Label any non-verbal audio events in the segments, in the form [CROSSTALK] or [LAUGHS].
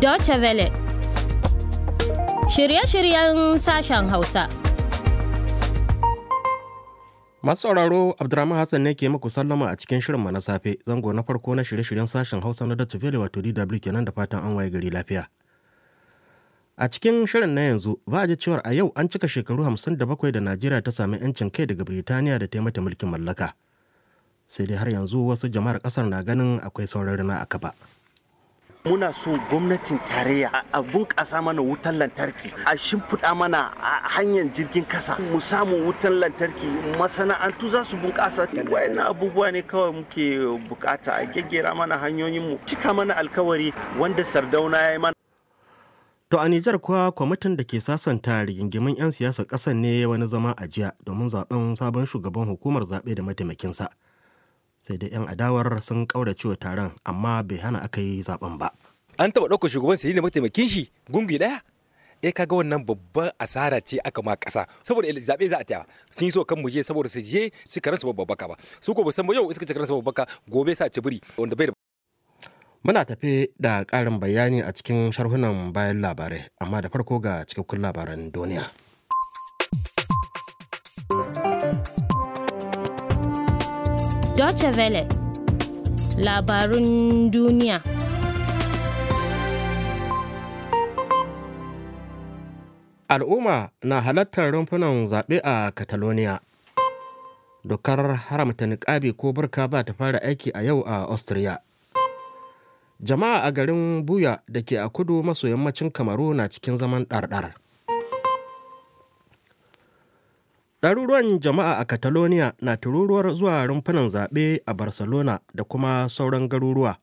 Deutsche Welle Shirye-shiryen sashen Hausa Masu sauraro Abdurrahman Hassan ne ke muku sallama a cikin shirinmu na safe zango na farko na shirye-shiryen sashen Hausa na Deutsche Welle wato DW kenan da fatan an waye gari lafiya. A cikin shirin na yanzu ba a ji cewar a yau an cika shekaru 57 da Najeriya ta sami 'yancin kai daga Birtaniya da ta mata mulkin mallaka. Sai dai har yanzu wasu jama'ar ƙasar na ganin akwai saurari na a kaba. muna so gwamnatin tarayya a bunƙasa mana wutan lantarki a shimfiɗa mana a hanyar jirgin kasa mu samu wutan lantarki masana'antu za su bunƙasa wayannan abubuwa ne kawai muke bukata a gaggera mana hanyoyin mu cika mana alkawari wanda sardauna ya yi mana To a Nijar kuwa kwamitin da ke sasanta rigingimin 'yan siyasa ƙasar ne wani zama a jiya domin zaben sabon shugaban hukumar zaɓe da mataimakinsa. sai da 'yan adawar sun kauracewa taron amma bai hana aka yi zaben ba an taba ɗaukar shugaban sai da mataimakin shi gungi daya eh kaga wannan babban asara ce aka ma kasa saboda zabe za a taya sun yi so kan muje saboda su je su karansu babbaka ba su ko ba san ba yau suka ci karansu babbaka gobe sa ci biri wanda bai Muna tafe da karin bayani a cikin sharhunan bayan labarai, amma da farko ga cikakkun labaran duniya. Deutsche Welle Labarun duniya Al'umma na halartar rumfunan zaɓe a Catalonia. Dokar haramta niƙabi ko burka ba ta fara aiki a yau a Austria. Jama'a a garin Buya da ke a kudu maso yammacin Kamaru na cikin zaman ɗarɗar. Ɗaruruwan jama'a a Catalonia na tururuwar zuwa rumfunan zaɓe a Barcelona da kuma sauran garuruwa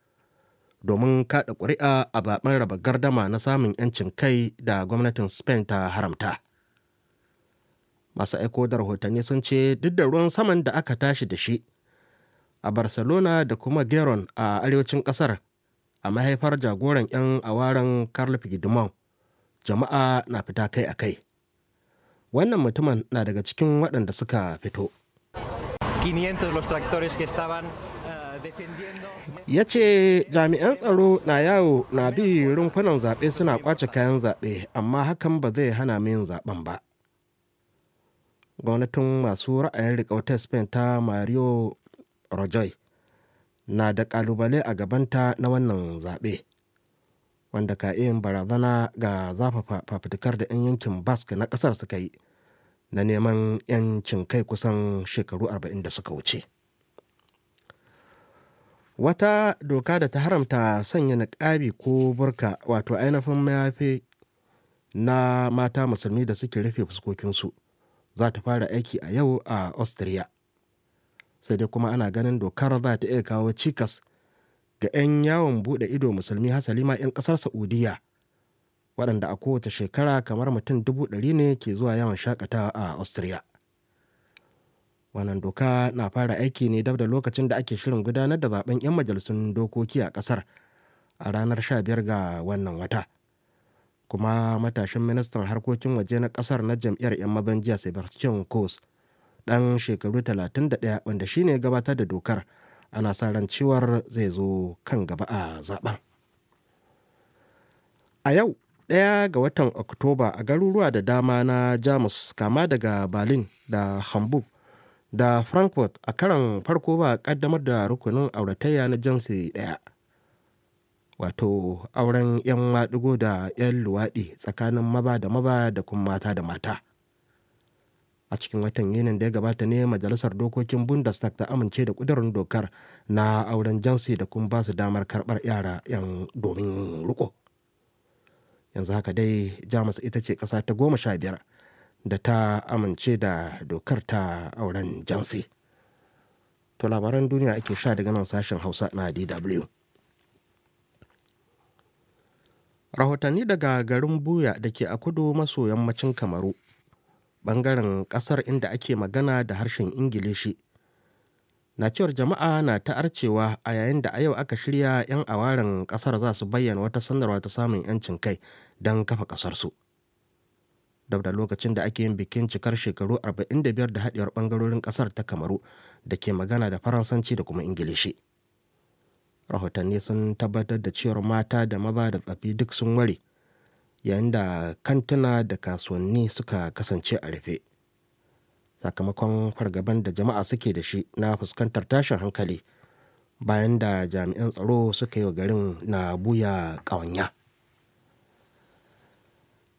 domin kaɗa ƙuri'a a baɓen raba gardama na samun 'yancin kai da gwamnatin Spain ta haramta. Masu aiko da rahotanni sun ce duk da ruwan saman da aka tashi da shi a Barcelona da kuma Geron a arewacin ƙasar a mahaifar jagoran 'yan awaren carl jama'a na fita kai a kai. wannan mutumin na daga cikin waɗanda suka fito eh, ya ce jami'an tsaro na yawo na bi rumfunan zaɓe suna kwace kayan zaɓe amma hakan ba zai hana min zaɓen ba gwamnatin masu ra'ayin rikautar spain ta mario rajoy na da ƙalubale a gabanta na wannan zaɓe wanda ka yin barazana ga zafafa fafutukar da 'yan yankin basque na kasar suka yi na neman 'yancin kai kusan shekaru 40 da suka wuce wata doka da ta haramta sanya niƙabi ko burka wato ainihin mayafi na mata musulmi da suke rufe fuskokinsu za ta fara aiki a yau a austria sai dai kuma ana ganin dokar za ta iya kawo cikas ga 'yan yawon buɗe ido musulmi hasali ma 'yan ƙasar saudiya waɗanda a kowace shekara kamar mutum dubu ɗari ne ke zuwa yawon shakatawa a austria wannan doka na fara aiki ne dab da lokacin da ake shirin gudanar da zaben 'yan majalisun dokoki a ƙasar a ranar 15 ga wannan wata kuma matashin ministan harkokin waje na ƙasar na jam'iyyar 'yan mazan jiya sebastian kos ɗan shekaru 31 wanda shine gabatar da dokar ana sa ran cewar zai zo kan gaba a zaben a yau ɗaya ga watan oktoba a garuruwa da dama na jamus kama daga berlin da hamburg da frankfurt a karan farko ba kaddamar da rukunin auratayya na jinsi ɗaya wato auren 'yan maɗigo da 'yan luwaɗi tsakanin maba da maba da kuma mata da mata a cikin watan yunin da ya gabata ne majalisar dokokin bundestag ta amince da kudurin dokar na auren jansi da kuma ba su damar karbar yara yan domin riko yanzu haka dai jamus ita ce kasa ta goma sha biyar da ta amince da dokar ta auren jansi to labaran duniya ake sha daga nan sashen hausa na dw rahotanni daga garin buya da ke a kudu maso yammacin kamaru bangaren kasar inda ake magana da harshen ingilishi na cewar jama'a na ta arcewa a yayin da a yau aka shirya 'yan awarin kasar za su bayyana wata sanarwa ta samun 'yancin kai don kafa kasarsu dab da lokacin da ake yin bikin cikar shekaru 45 da haɗewar ɓangarorin ƙasar ta kamaru da ke magana da faransanci da kuma ingilishi rahotanni sun tabbatar da cewar mata da maza da tsafi duk sun ware yayin da kantuna da kasuwanni suka kasance a rufe sakamakon fargaban da jama'a suke da shi na fuskantar tashin hankali bayan da jami'an tsaro suka yi wa garin na buya ƙawanya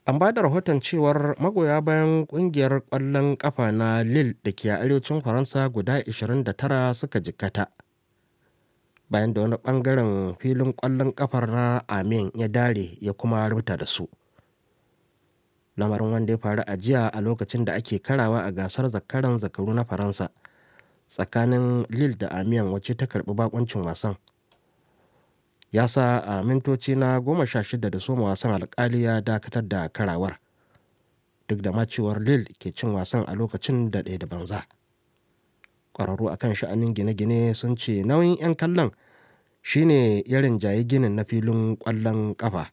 an ba da rahoton cewar magoya bayan kungiyar ƙwallon ƙafa na lille da ke arewacin faransa guda 29 suka jikkata bayan da wani bangaren filin kwallon kafar na amin ya dare ya kuma rubuta da su lamarin wanda ya faru a jiya a lokacin da ake karawa a gasar zakaran zakaru na faransa tsakanin lille da Amin wacce ta karbi bakuncin wasan ya sa a mintoci na goma sha shida da soma wasan alkali ya dakatar da karawar duk da macewar lil lille ke cin wasan a lokacin da ɗaya da banza ƙwararru kan sha'anin gine-gine sun ce nauyin 'yan kallon shine ya rinjayi ginin na filin kwallon kafa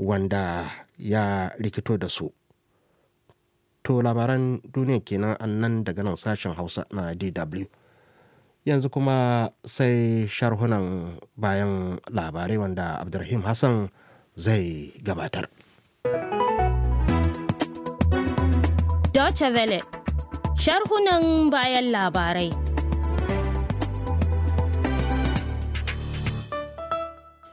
wanda ya rikito da su to labaran duniya kenan annan daga nan sashen hausa na dw yanzu kuma sai sharhunan bayan labarai wanda abdulrahim hassan zai gabatar Deutsche Welle sharhunan bayan labarai.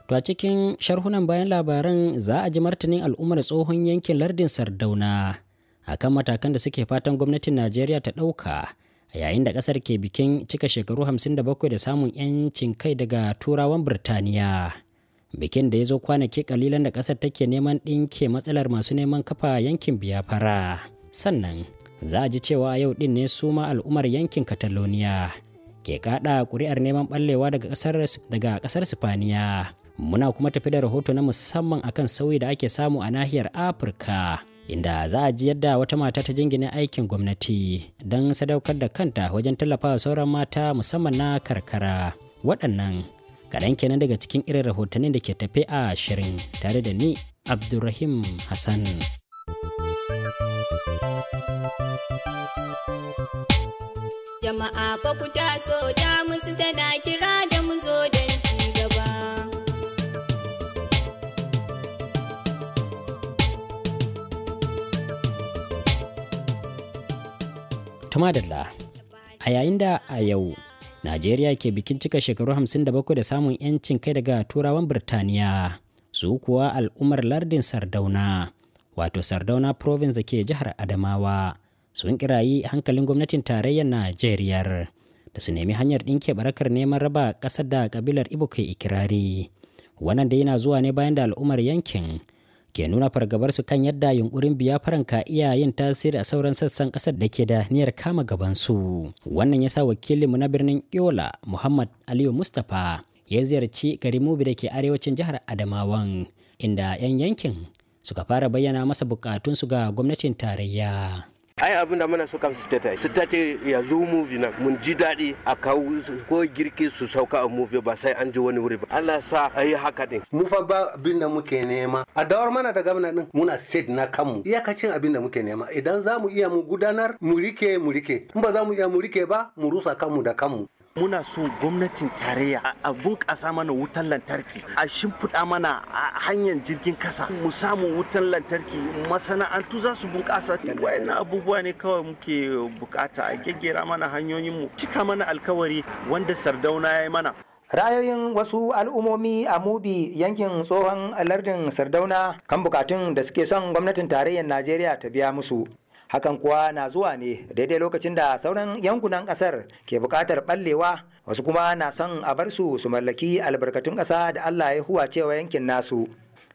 To a cikin sharhunan bayan labaran za a ji martanin al'ummar tsohon yankin lardin Sardauna a kan matakan da suke fatan gwamnatin Najeriya ta ɗauka a yayin da ƙasar ke bikin cika shekaru 57 da samun 'yancin kai daga turawan Birtaniya. Bikin da ya zo kwanaki kalilan da ƙasar take neman ɗinke matsalar masu neman kafa yankin biyafara. Sannan za a ji cewa yau ɗin ne su ma al'ummar yankin Kataloniya, ke kaɗa ƙuri'ar neman ɓallewa daga ƙasar daga kasar sifaniya muna kuma tafi da rahoto na musamman akan sauyi da ake samu a nahiyar afirka inda za a ji yadda wata mata ta jingine aikin gwamnati don sadaukar da kanta wajen tallafawa sauran mata musamman na karkara waɗannan kaɗan kenan daga cikin irin rahotannin da ke tafe a shirin tare da ni abdulrahim hassan Jama'a fa ku taso da musu tana kira da mu zo da ci gaba. Tumadalla, a yayin da a yau Najeriya ke bikin cika shekaru 57 da samun 'yancin kai daga turawan Birtaniya, su kuwa al'ummar lardin Sardauna wato sardauna province da ke jihar adamawa sun kirayi hankalin gwamnatin tarayyar najeriyar da su nemi hanyar ɗinke barakar neman raba ƙasar da ƙabilar ibo ke ikirari wannan da yana zuwa ne bayan da al'ummar yankin ke nuna fargabarsu kan yadda yunkurin biyafaran ka iya yin tasiri a sauran sassan ƙasar da ke da niyyar kama su, wannan ya sa wakilinmu na birnin yola muhammad aliyu mustapha ya ziyarci gari mubi da ke arewacin jihar adamawan inda 'yan yankin suka fara bayyana masa bukatunsu ga gwamnatin tarayya. ai abin da muna suka su tata su tata ya zo movie nan mun ji daɗi a kawo ko girki su sauka a movie ba sai an ji wani wuri ba Allah sa a yi haka din mu fa ba abin da muke nema a dawar mana da gabna din muna set na kanmu iyakacin abin da muke nema idan za mu iya mu gudanar mu rike mu rike in ba za mu iya mu rike ba mu rusa kanmu da kanmu muna so gwamnatin tarayya a bunƙasa mana wutan lantarki a shimfiɗa mana a hanyar jirgin kasa mu samu wutan lantarki masana'antu za su bunƙasa wayannan abubuwa ne kawai muke bukata a gaggera mana hanyoyinmu cika mana alkawari wanda sardauna ya yi mana ra'ayoyin wasu al'ummomi a mubi yankin tsohon lardin sardauna kan bukatun da suke son gwamnatin tarayyar najeriya ta biya musu hakan kuwa na zuwa ne daidai lokacin da sauran yankunan ƙasar ke bukatar ɓallewa wasu kuma na son a bar su su mallaki albarkatun ƙasa da allah ya huwa cewa yankin nasu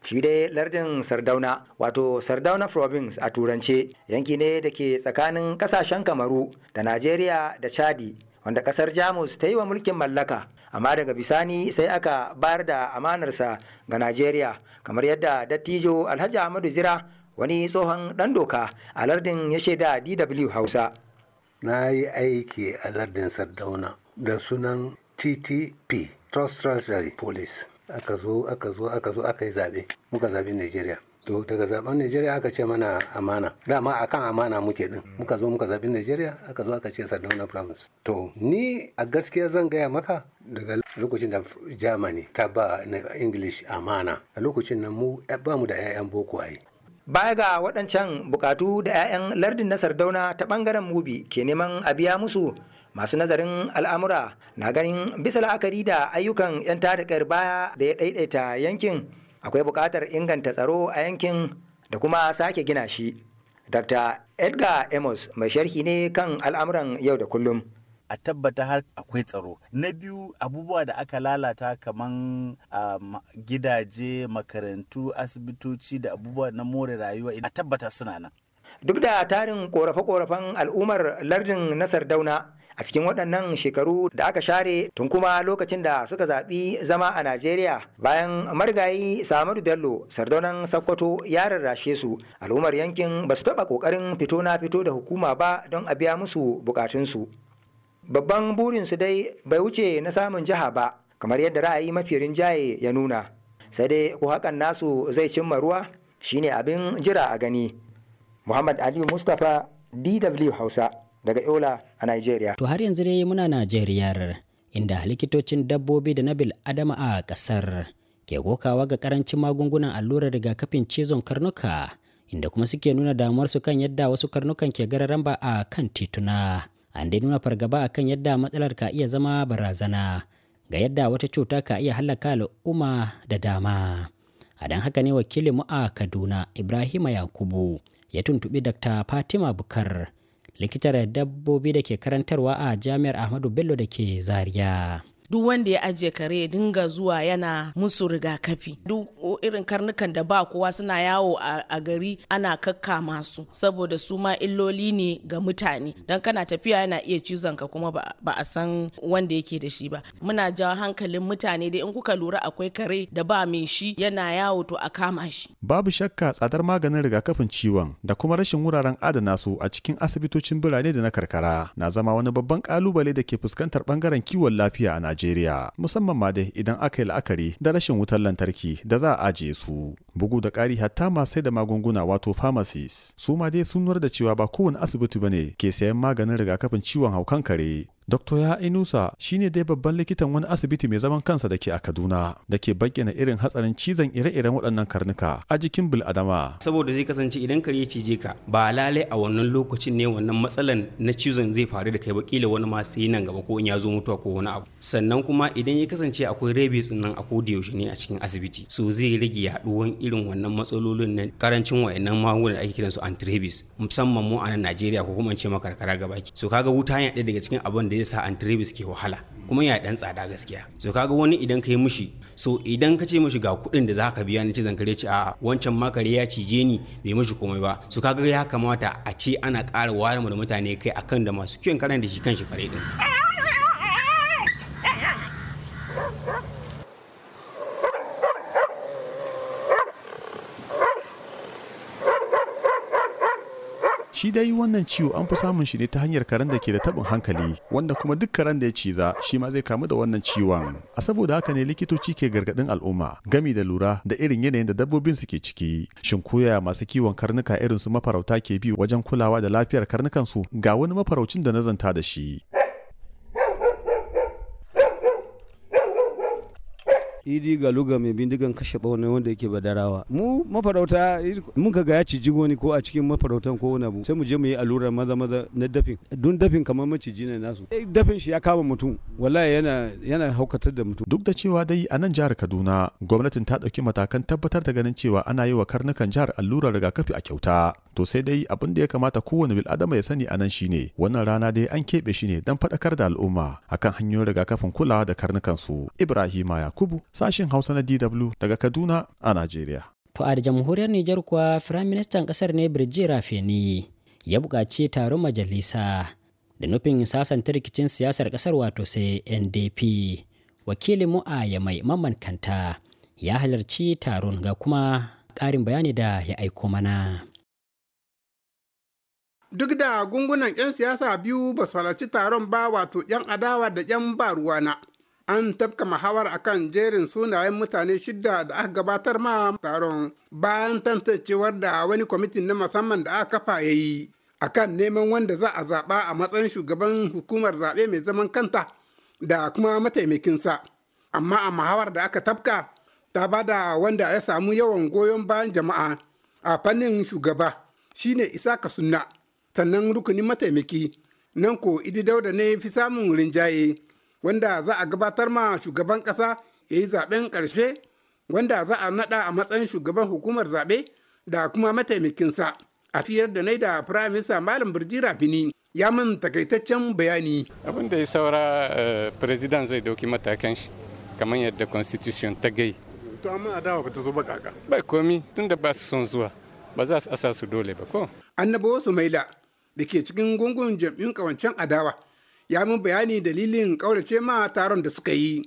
shi dai lardin sardauna wato sardauna province a turance yanki ne da ke tsakanin ƙasashen kamaru da najeriya da chadi wanda ƙasar jamus ta yi wa mulkin mallaka amma daga bisani sai aka bayar da amanarsa ga najeriya kamar yadda dattijo alhaji ahmadu zira wani tsohon ɗan doka a lardin ya shaida dw hausa na yi aiki a lardin sardauna da sunan ttp trust treasury police aka zo aka zo aka zo aka yi zaɓe muka zaɓi nigeria to daga zaben nigeria aka ce mana amana dama akan amana muke din muka zo muka zaɓi nigeria aka zo aka ce sardauna province to ni a gaskiya zan gaya maka daga lokacin da germany ta ba english amana a lokacin nan mu ba mu da 'ya'yan boko ai baya ga waɗancan bukatu da 'ya'yan lardin na sardauna ta ɓangaren mubi ke neman a biya musu masu nazarin al'amura na ganin bisa la'akari da ayyukan 'yan tarikar baya da ya ɗaiɗaita yankin akwai buƙatar inganta tsaro a yankin da kuma sake gina shi dr edgar amos mai sharhi ne kan al'amuran yau da kullum a tabbata har akwai tsaro na biyu abubuwa da aka lalata kamar um, gidaje makarantu asibitoci da abubuwa na more rayuwa a tabbata suna nan duk da tarin korafe-korafen al'ummar lardin na sardauna a cikin waɗannan shekaru da aka share tun kuma lokacin da suka zaɓi zama a najeriya bayan marigayi samadu bello sardaunan sakkwato ya rarrashe su al'ummar yankin ba su taɓa ƙoƙarin fito na fito da hukuma ba don a biya musu buƙatunsu babban burinsu dai bai wuce na samun jiha ba kamar yadda ra'ayi mafi rinjaye ya nuna sai dai ko hakan nasu zai cimma ruwa shine abin jira a gani muhammad aliyu mustapha dw hausa daga eola a nigeria to har yanzu dai muna nigeria inda likitocin dabbobi da nabil adama a kasar ke kokawa ga karancin magungunan allurar rigakafin cizon karnuka inda kuma suke nuna damuwarsu kan yadda wasu karnukan ke gararan ba a kan tituna an dai nuna fargaba akan yadda matsalar ka iya zama barazana ga yadda wata cuta ka iya halaka al'umma da dama a don haka ne wakilin mu a kaduna ibrahima yakubu ya tuntubi dr fatima bukar likitar dabbobi da ke karantarwa a jami'ar ahmadu bello da ke zaria duk wanda ya ajiye kare ya dinga zuwa yana musu rigakafi duk irin karnukan da ba kowa suna yawo a gari ana kakka masu saboda su ma illoli ne ga mutane dan kana tafiya yana iya cizon ka kuma ba a san wanda yake da shi ba muna jawo hankalin mutane da in kuka lura akwai kare da ba mai shi yana yawo to a kama shi babu shakka tsadar maganin rigakafin ciwon da kuma rashin wuraren adana su a cikin asibitocin birane da na karkara na zama wani babban kalubale da ke fuskantar bangaren kiwon lafiya a Najeriya musamman ma dai idan aka yi la'akari da rashin wutar lantarki da za a ajiye su. Bugu da ƙari hatta masu sai da magunguna wato pharmacies su ma dai sun nuna da cewa ba kowane asibiti bane ke sayan maganin rigakafin ciwon haukan kare Dr. ya Inusa shine dai babban likitan wani asibiti mai zaman kansa da ke a Kaduna da ke bayyana irin hatsarin cizon ire-iren waɗannan karnuka a jikin bil'adama. Saboda zai kasance idan kare ya cije ka ba lalai a wannan lokacin ne wannan matsalan na cizon zai faru da kai ba kila wani ma sai nan gaba ko in ya zo mutuwa ko wani abu. Sannan kuma idan ya kasance akwai rabies nan a koda yaushe ne a cikin asibiti so zai rage yaɗuwan irin wannan matsalolin na karancin wayannan magungunan da ake kiransu antirabies musamman mu a nan Najeriya ko kuma in ce makarkara gabaki. So kaga wuta ya ɗaya daga cikin abin da zai sa antirebus ke wahala kuma ya dan tsada gaskiya so kaga wani idan ka yi mishi so idan ka ce mishi ga kuɗin da zaka biya ni cizon kare ci a wancan makare ya cije ni bai mushi komai ba so kaga ya kamata a ce ana ƙara ware da mutane kai akan da masu kiwon karan da shi kan shi fare din Shi dai wannan ciwo an fi samun shi ne ta hanyar karen da ke da taɓin hankali wanda kuma duk karen da ya ciza shi ma zai kamu da wannan ciwon. A saboda haka ne likitoci ke gargadin al'umma gami da lura da irin yanayin da dabbobin su ke ciki. Shin koyaya masu kiwon karnuka irin su mafarauta ke bi wajen kulawa da lafiyar karnukan su ga wani mafaraucin da na zanta da shi. idi ga luga mai bindigan kashe bauna wanda yake badarawa mu mafarauta mun ga ya ciji wani ko a cikin mafarautan ko wani abu sai mu je mu yi allurar maza maza na dafin dun dafin kamar maciji ne nasu eh, dafin shi ya kama mutum wallahi yana yana haukatar da mutum duk da cewa dai a nan jihar Kaduna gwamnatin ta ɗauki matakan tabbatar da ganin cewa ana yi wa karnukan jihar allurar rigakafi a kyauta to sai dai abin da ya kamata kowane bil'adama ya sani anan shine wannan rana dai an keɓe shi ne don faɗakar da al'umma akan hanyoyin rigakafin kula da karnukan su ibrahima yakubu sashin hausa na dw daga kaduna a nigeria. to a jamhuriyar nijar kuwa firaministan ƙasar ne birji rafeni ya buƙaci taron majalisa da nufin sasanta rikicin siyasar ƙasar wato sai ndp wakilin mu a ya mai mamman kanta ya halarci taron ga kuma ƙarin bayani da ya aiko mana duk da gungunan 'yan siyasa biyu ba su halarci taron ba wato 'yan adawa da 'yan ba ruwana an tafka muhawar akan jerin sunayen mutane shidda da aka gabatar ma taron bayan tantancewar da wani kwamitin na musamman da aka kafa ya yi akan neman wanda za a zaɓa a matsayin shugaban hukumar zaɓe mai zaman kanta da kuma mataimakinsa amma a mahawar da aka tafka ta ba da wanda ya samu yawan goyon bayan jama'a a fannin shugaba shine ka sunna sannan rukunin mataimaki nan ko idi dauda ne fi samun rinjaye wanda za a gabatar ma shugaban ƙasa ya yi zaɓen karshe wanda za a naɗa a matsayin shugaban hukumar zabe da kuma mataimakinsa a fiyar da nai da firaminsa malam birji rafini ya min takaitaccen bayani abin da ya saura eh, president zai dauki matakan shi kamar yadda constitution ta gai to amma adawa ba ta zo ba kaka ba komi tunda ba su son zuwa ba za su asa su dole ba ko annabawa su maila da ke cikin gungun jam'in kawancen adawa ya mun bayani dalilin kaurace ma taron da suka yi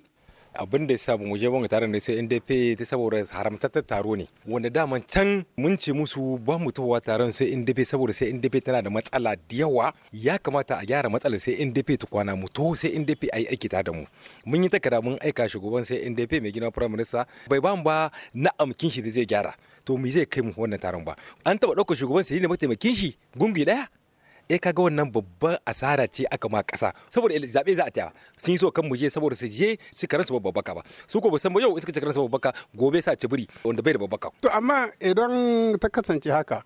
abin da sa mu je wanga taron da sai NDP ta saboda haramtattar taro ne wanda daman can mun ce musu ba mu taron sai NDP saboda sai NDP tana da matsala da yawa ya kamata a gyara matsala sai NDP kwana mu to sai NDP ayi aiki ta da mu mun yi takara mun aika shugaban sai NDP mai gina prime minister bai ba mu ba na amkin shi da zai gyara to me zai kai mu wannan taron ba an taba ɗaukar shugaban sai ne mataimakin shi gungu daya e eh, kaga wannan babban asara ce aka ma kasa saboda zabe za a taya sun yi so kan muje saboda su je su karan su babbaka ba su ko san ba yau suka ci karan su babbaka gobe sa biri wanda bai da babbaka to amma idan ta kasance haka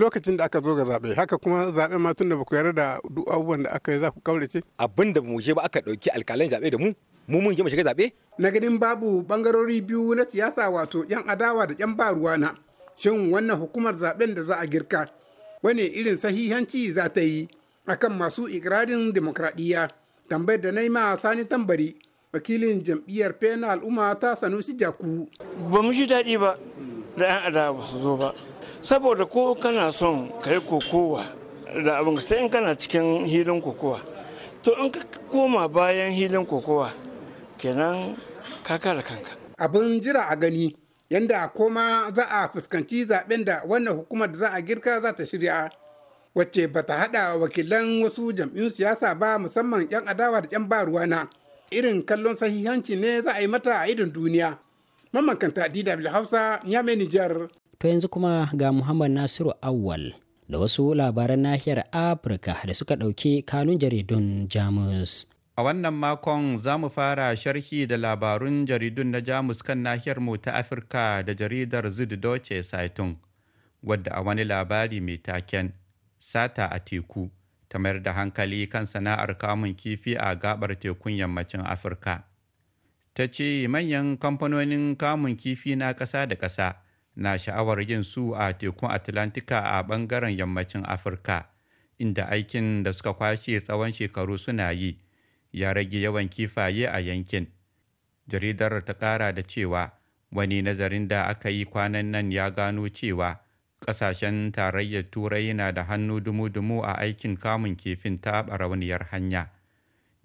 lokacin da aka zo ga zaɓe haka kuma zaɓe ma tun da ba ku yarda da duk abubuwan da aka yi za ku kaurace abin da mu ba aka ɗauki alƙalan zaɓe da mu mu mun je mu shiga zaɓe na ganin babu bangarori biyu na siyasa wato yan adawa da yan ba na shin wannan hukumar zaɓen da za a girka Wani irin sahihanci za ta yi akan masu ikirarin demokradiyya tambayar da na yi ma sani tambari wakilin jam'iyyar pena al'umma ta sanusi jaku ba mu shi daɗi ba da 'yan adawa su zo ba saboda ko kana son ka yi kokowa da abin sai in kana cikin hilin kokowa to in ka koma bayan hilin kokowa kenan ka kare kanka abin jira a gani yadda koma za a fuskanci zaɓen da wannan hukumar da za a girka za ta shirya wacce ba ta haɗa wakilan wasu jam'iyyun siyasa ba musamman 'yan adawa da 'yan baruwa na irin kallon sahihanci ne za a yi mata a idon duniya mamakanta dw hausa ya mai nijar to yanzu kuma ga muhammad nasiru awwal da wasu labaran nahiyar afirka da suka ɗauki kanun jaridun jamus A wannan makon za mu fara sharhi da labarun jaridun na Jamus kan nahiyar mu ta Afirka da jaridar Süddeutsche Saitun, wadda a wani labari mai taken Sata a teku ta mayar da hankali kan sana'ar kamun kifi a gabar tekun yammacin Afirka. Ta ce manyan kamfanonin kamun kifi na ƙasa da ƙasa na sha'awar yin su a tekun Atlantika a ɓangaren yammacin Afirka, inda aikin da suka kwashe tsawon shekaru suna yi. ya rage yawan kifaye a yankin jaridar ta kara da cewa wani nazarin da aka yi kwanan nan ya gano cewa kasashen tarayyar turai na da hannu dumu-dumu a aikin kamun kifin ta barauniyar hanya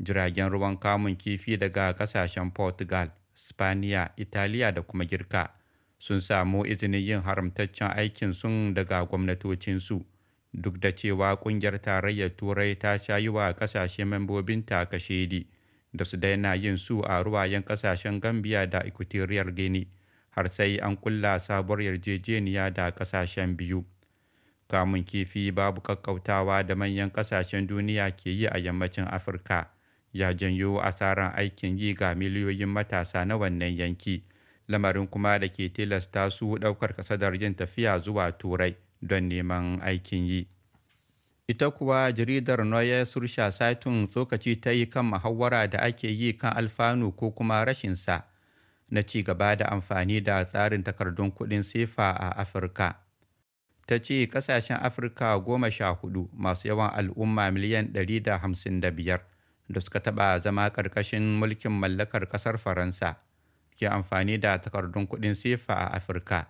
jiragen ruwan kamun kifi daga kasashen portugal spaniya italiya da kuma girka sun samu izinin yin haramtaccen aikin sun daga gwamnatocinsu duk da cewa kungiyar tarayyar turai ta sha yi wa kasashe membobinta kashedi da su daina yin su a ruwayen kasashen gambia da equatorial guinea har sai an kulla sabuwar yarjejeniya da kasashen biyu kamun kifi babu kakkautawa da manyan kasashen duniya ke yi a yammacin afirka ya janyo asaran aikin yi ga miliyoyin matasa na wannan yanki lamarin kuma da ke tilasta su ɗaukar kasadar yin tafiya zuwa turai don neman aikin yi. Ita kuwa jaridar Noye Sursha Saitun tsokaci ta yi kan muhawara da ake yi kan alfanu ko kuma rashinsa na ci gaba da amfani da tsarin takardun kuɗin sefa a Afirka. Ta ce ƙasashen Afirka goma sha hudu masu yawan al'umma miliyan 155 da suka taɓa zama ƙarƙashin mulkin mallakar ƙasar Faransa ke amfani da takardun kuɗin sefa a Afirka.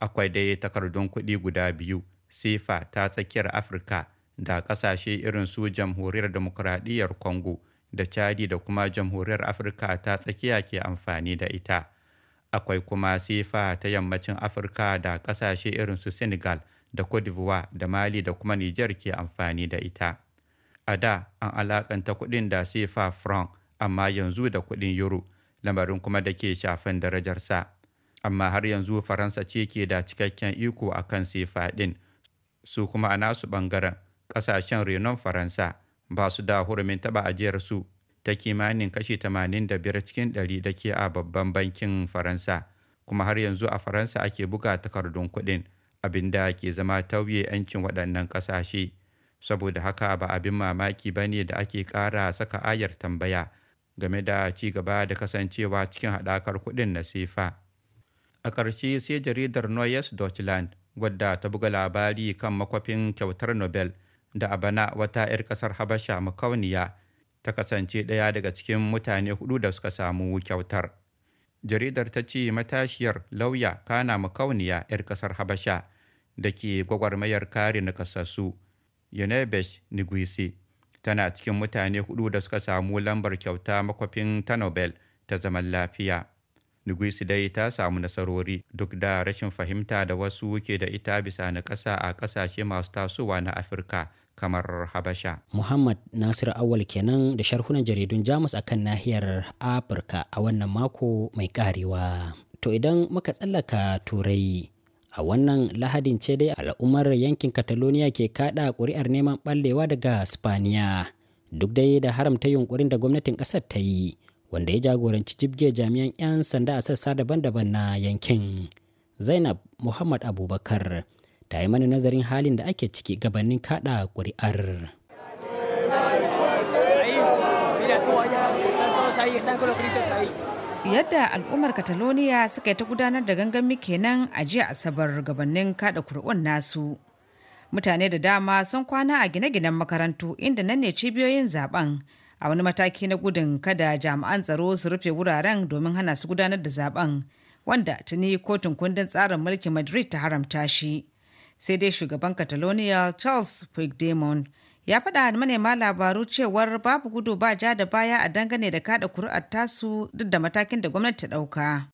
akwai dai takardun kuɗi guda biyu sefa ta tsakiyar afirka da ƙasashe irin su jamhuriyar demokuraɗiyyar congo da chadi da kuma jamhuriyar afirka ta tsakiya ke amfani da ita akwai kuma sefa ta yammacin afirka da ƙasashe irin su senegal da cote da mali da kuma niger ke amfani da ita a da an alakanta kuɗin da sefa franc amma yanzu da kuɗin euro lamarin kuma da ke shafin darajarsa amma har yanzu faransa ce ke da cikakken iko a kan sefa ɗin su kuma a nasu ɓangaren ƙasashen renon faransa ba su da hurumin taɓa ajiyar su ta kimanin kashi 85 cikin 100 da ke a babban bankin faransa kuma har yanzu a faransa ake buga takardun kuɗin abin da ke zama tauye 'yancin waɗannan ƙasashe saboda haka ba abin mamaki ba ne da ake ƙara saka ayar tambaya game da ci gaba da kasancewa cikin haɗakar kuɗin na sefa. a ƙarshe sai jaridar noyes deutschland wadda ta buga labari kan makwafin kyautar nobel da a bana wata 'yar ƙasar habasha makauniya ta kasance ɗaya daga cikin mutane hudu da suka samu kyautar jaridar ta ce matashiyar lauya kana makauniya 'yar ƙasar habasha da ke gwagwarmayar kare nakasassu yunebesh niguisi tana cikin mutane hudu da suka samu lambar kyauta makwafin ta nobel ta zaman lafiya Nugwisi dai ta samu nasarori duk da rashin fahimta da wasu ke da ita bisa na ƙasa a ƙasashe masu tasowa na Afirka kamar Habasha. Muhammad Nasir Awal kenan da sharhunan jaridun Jamus akan nahiyar Afirka a wannan mako mai karewa. To idan muka tsallaka turai a wannan lahadin ce dai al'ummar yankin Catalonia ke kada ƙuri'ar neman ɓallewa daga Spaniya duk dai da haramta yunkurin da gwamnatin ƙasar ta yi. wanda ya jagoranci jibge jami'an 'yan sanda a sassa daban-daban na yankin zainab muhammad abubakar ta yi mana nazarin halin da ake ciki gabanin kada kuri'ar. yadda al'ummar catalonia suka yi ta gudanar da gangami kenan a jiya asabar gabanin kada kuri'un nasu mutane da dama sun kwana a gine-ginen makarantu inda nan ne cibiyoyin zaben a wani mataki na gudun kada jami'an tsaro su rufe wuraren domin hana su gudanar da zaben wanda tuni kotun kundin tsarin mulkin madrid ta haramta shi sai dai shugaban catalonia charles puigdemont ya faɗa manema labaru cewar babu gudu ba ja da baya a dangane da kada kuri'ar tasu duk da matakin da gwamnati ta ɗauka.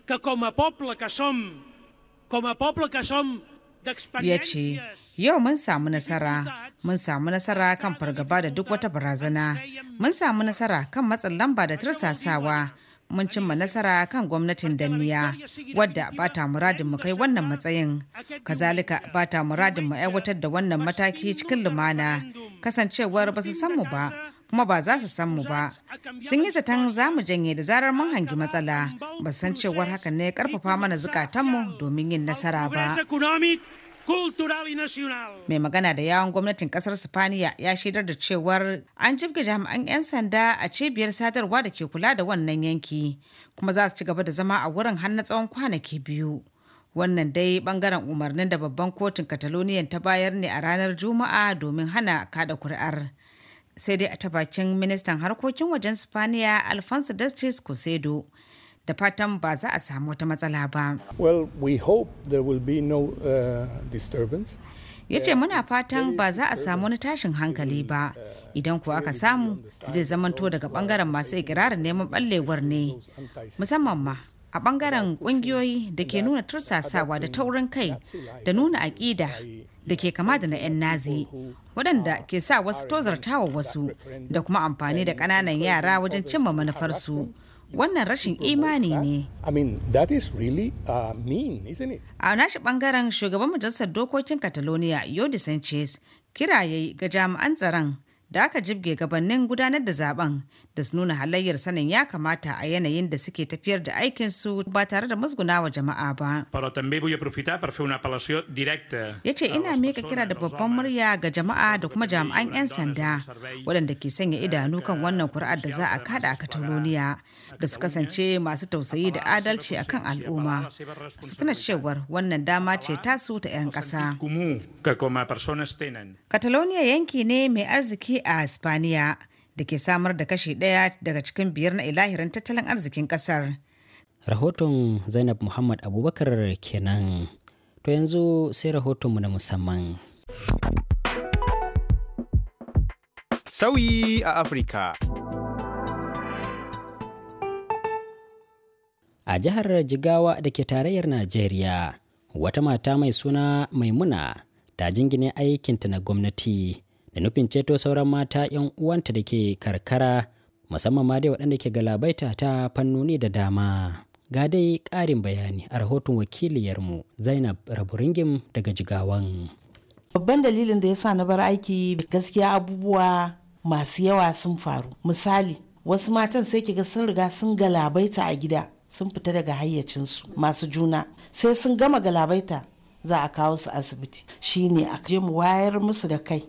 ya ce yau mun samu nasara mun samu nasara kan fargaba da duk wata barazana mun samu nasara kan matsin lamba da tursasawa mun cimma nasara kan gwamnatin danniya wadda ba ta muradin mu kai wannan matsayin kazalika ba ta muradin mu aiwatar da wannan mataki cikin lumana kasancewar ba su san mu ba kuma ba za su san mu ba sun yi zaton za mu janye da zarar mun hangi matsala ba san cewar hakan ne ya karfafa mana mu domin yin nasara ba mai magana da yawon gwamnatin kasar spaniya ya shaidar da cewar an jibge jami'an 'yan sanda a cibiyar sadarwa da ke kula da wannan yanki kuma za su ci gaba da zama a wurin har na tsawon kwanaki biyu wannan dai bangaren umarnin da babban kotun kataloniyan ta bayar ne a ranar juma'a domin hana kada kuri'ar sai dai a ta bakin ministan harkokin wajen spaniya alfonso dastis cosedo da fatan ba za a samu wata matsala ba well we hope there will be no uh, disturbance ya ce muna fatan ba za a samu wani tashin hankali ba idan kuwa aka samu zai zamanto daga bangaren masu ikirarin neman ballewar ne musamman ma a bangaren kungiyoyi da ke nuna tursasawa da taurin kai da nuna aƙida da ke kama da na 'yan nazi waɗanda ke sa wasu tozartawa wasu da kuma amfani da ƙananan yara wajen cimma manufarsu wannan rashin imani ne uh, a nashi bangaren shugaban majalisar dokokin catalonia yodi sanchez kiraye ga jami'an tsaron da aka jibge gabanin gudanar da zaben da su nuna halayyar sanin ya kamata a yanayin da suke tafiyar da aikinsu ba tare da wa jama'a ba. Ya ce ina mika kira da babban murya ga jama'a da kuma jami'an 'yan sanda waɗanda ke sanya eh, idanu kan wannan ƙuri'ar da za a kada a Kataloniya. da su kasance masu tausayi da adalci a kan al'umma su tuna cewar wannan dama ce tasu ta 'yan ƙasa catalonia yanki ne mai arziki a hispaniya da ke samar da kashi ɗaya daga cikin biyar na ilahirin tattalin arzikin ƙasar rahoton zainab muhammad abubakar kenan to yanzu sai rahotonmu na musamman sauyi a afirka A jihar Jigawa da ke tarayyar Najeriya, wata mata mai suna Maimuna ta jingine aikinta na gwamnati da nufin ceto sauran mata 'yan uwanta da ke karkara musamman ma dai waɗanda ke galabaita ta fannoni da dama. Ga dai ƙarin bayani a rahoton wakiliyar mu Zainab Raburingim daga Jigawan. Babban dalilin da ya sa na bar aiki gaskiya abubuwa masu yawa sun faru. Misali, wasu matan sai kiga sun riga sun galabaita a gida sun fita daga hayyacinsu masu juna sai sun gama galabaita za a kawo su asibiti shine a je mu wayar musu da kai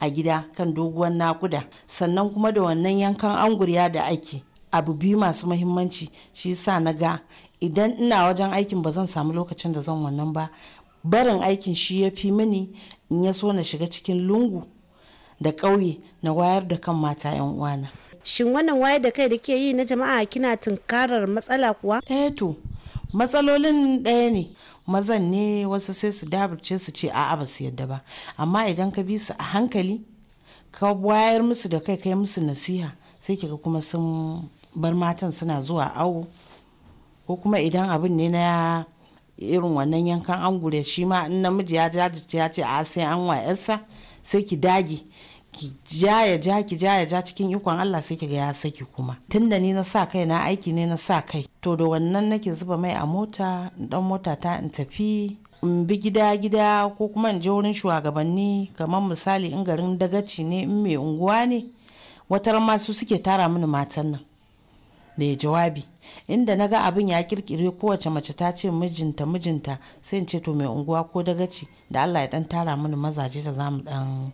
a gida kan doguwar nakuda sannan kuma da wannan yankan angurya da ake abu biyu masu mahimmanci shi sa na ga idan ina wajen aikin ba zan samu lokacin da zan wannan ba barin aikin shi ya fi mini in ya so na shiga cikin lungu da ƙauye na wayar da kan mata 'yan uwana. shin wannan wayar da kai da ke yi na jama'a kina tunkarar matsala kuwa eh to matsalolin ɗaya ne mazan ne wasu sai su dabarce su ce a'a ba su yadda ba amma idan ka bi su a hankali ka wayar musu da kai kai musu nasiha sai kika kuma sun bar matan suna zuwa awo ko kuma idan abin ne na irin wannan yankan angure shi ma in namiji ya jajirce ya ce a sai an wa yarsa sai ki dage ki ja ya ja ki ja ya ja cikin ikon Allah sai ga ya saki kuma tunda ni na sa kai na aiki ne na sa kai to da wannan nake zuba mai a mota dan mota ta in tafi in bi gida gida ko kuma in je wurin shugabanni kamar misali in garin dagaci ne in mai unguwa ne watar ma su suke tara mini matan nan da ya jawabi inda na ga abin ya kirkire kowace mace ta ce mijinta mijinta sai in ce to mai unguwa ko dagaci da Allah ya dan tara mini mazaje da zamu dan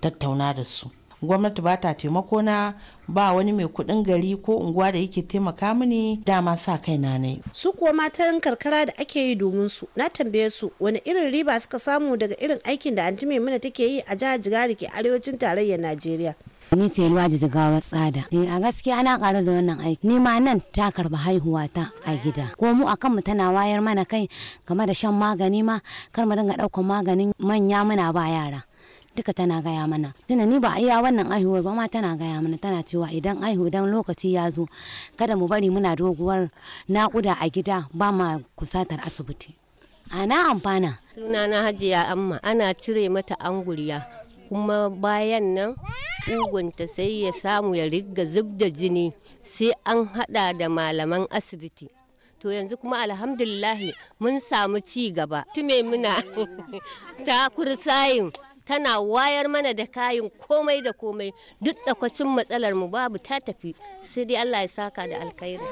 tattauna da su gwamnati ba ta taimako na ba wani mai kudin gari ko unguwa da yake taimaka mini dama sa kai na ne su kuwa matan karkara da ake yi domin su na tambaye su wani irin riba suka samu daga irin aikin da anti maimuna take yi a jihar jigari ke arewacin tarayyar najeriya ni ce da jigawa tsada eh, a gaskiya ana karu da wannan aiki ni ma nan ta karba haihuwa ta a gida ko mu a kanmu tana wayar mana kai game da shan magani ma kar mu dinga daukan maganin manya muna ba yara duka tana gaya mana tuna ni ba iya wannan aihuwar ba ma tana gaya mana tana cewa idan aihu idan lokaci ya zo kada mu bari muna doguwar naƙuda a gida ba ma kusatar asibiti ana amfana suna na hajiya amma ana cire mata anguriya kuma bayan nan ugunta sai ya samu ya riga zub da jini sai an hada da malaman asibiti to yanzu kuma alhamdulillahi mun samu ci gaba tume muna [LAUGHS] ta kursayin tana wayar mana da kayan komai da komai duk ɗaukacin matsalar mu babu ta tafi sai dai Allah ya saka da alkhairi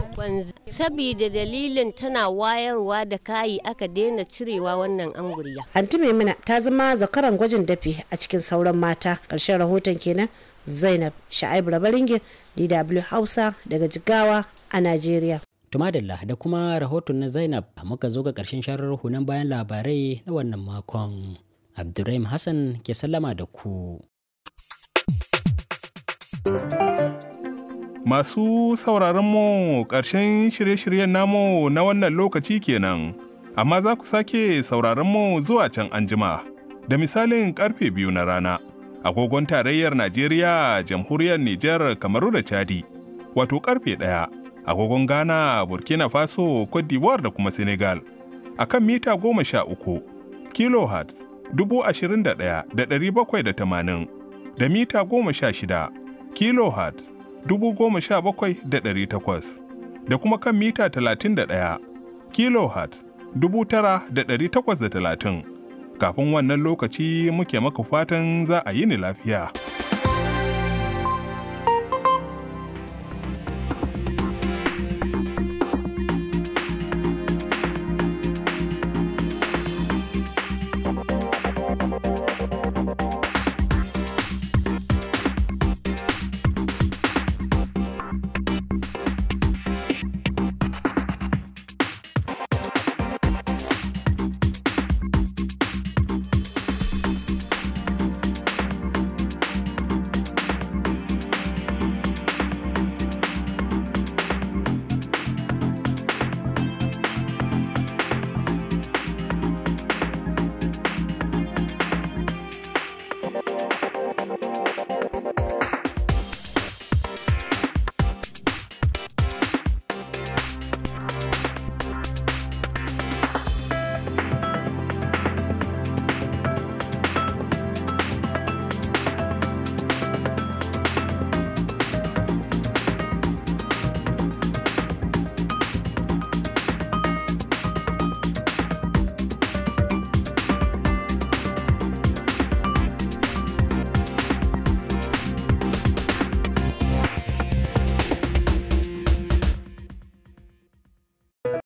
saboda dalilin tana wayarwa da kayi aka daina cirewa wannan anguriya anti maimuna ta zama zakaran gwajin dafi a cikin sauran mata ƙarshen rahoton kenan zainab sha'ib Rabaringe dw hausa daga jigawa a najeriya tumadalla da kuma rahoton na zainab muka zo ga ƙarshen sharar hunan bayan labarai na wannan makon Abdurrahim Hassan ke sallama da ku. Masu sauraron mu ƙarshen shirye-shiryen namu na wannan lokaci kenan, amma za ku sake sauraron mu zuwa can anjima, da misalin ƙarfe biyu na rana, agogon tarayyar Najeriya, jamhuriyar Nijar, Kamaru da Chadi, wato ƙarfe ɗaya, agogon Ghana, Burkina Faso, Cote d'Ivoire da kuma Senegal, a kan mita goma sha uku, kilohertz ashirin da mita goma sha shida kilohertz dubu goma sha bakwai da ɗari takwas da kuma kan mita talatin da ɗaya kilohertz dubu tara da ɗari takwas da talatin kafin wannan lokaci muke maka fatan za a yi ni lafiya.